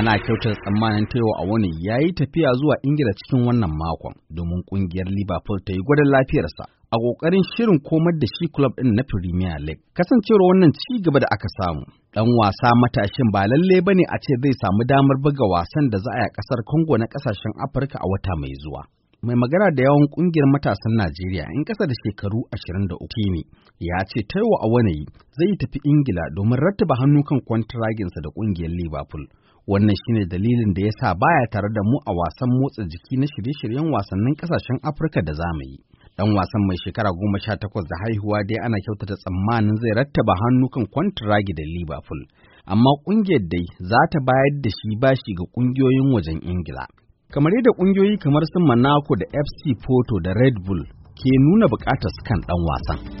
ana kyautar tsammanin taiwa a wani ya yi tafiya zuwa ingila cikin wannan makon domin kungiyar liverpool ta yi gwada lafiyarsa a ƙoƙarin shirin komar da shi club din na premier league kasancewar wannan ci gaba da aka samu ɗan wasa matashin ba lalle ba ne a ce zai samu damar buga wasan da za a yi a ƙasar congo na ƙasashen afirka a wata mai zuwa mai magana da yawan kungiyar matasan Najeriya in ƙasa da shekaru 23 ne ya ce ta a wani zai tafi Ingila domin rattaba hannu kan kwantaraginsa da kungiyar Liverpool. Wannan shine dalilin da ya sa baya tare da mu a wasan motsa jiki na shirye-shiryen wasannin ƙasashen Afirka da zamu yi. Dan wasan mai shekara goma sha takwas da haihuwa dai ana kyautata tsammanin zai rattaba hannu kan kwantiragi da Liverpool, amma ƙungiyar dai za ta bayar da shi bashi ga ƙungiyoyin wajen Ingila. kamar yadda ƙungiyoyi kamar su Monaco da FC Porto da Red Bull ke nuna buƙatar kan ɗan wasan.